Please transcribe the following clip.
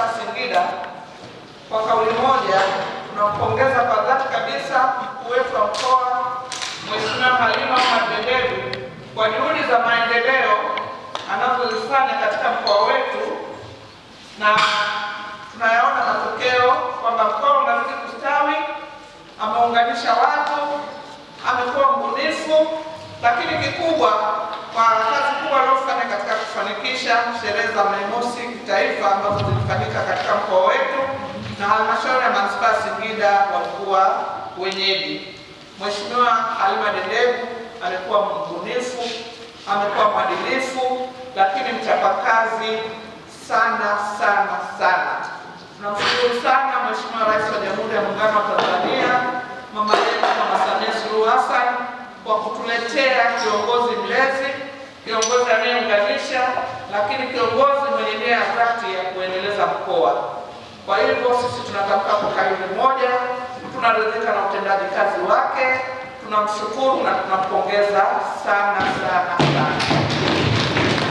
manispaa Singida kwa kauli moja tunampongeza kwa dhati kabisa mkuu wetu wa mkoa Mheshimiwa Halima Omar kwa juhudi za maendeleo anazozifanya katika mkoa wetu, na tunayaona matokeo kwamba mkoa unazidi kustawi. Ameunganisha watu, amekuwa mbunifu, lakini kikubwa kwa kazi kubwa aliyofanya katika kufanikisha sherehe za Mei Mosi kitaifa ambazo zilifanyika katika mkoa wetu na halmashauri ya manispaa Singida walikuwa wenyeji. Mheshimiwa Halima Dendegu amekuwa mbunifu, amekuwa mwadilifu, lakini mchapakazi sana sana sana. Tunamshukuru sana Mheshimiwa Rais wa Jamhuri ya Muungano wa Tanzania mama yetu Mama Samia Suluhu Hassan kwa kutuletea kiongozi mlezi, kiongozi anayeunganisha, lakini kiongozi za mkoa. Kwa hivyo sisi tunatamka kwa kauli moja, tunaridhika na utendaji kazi wake, tunamshukuru na tunampongeza sana sana.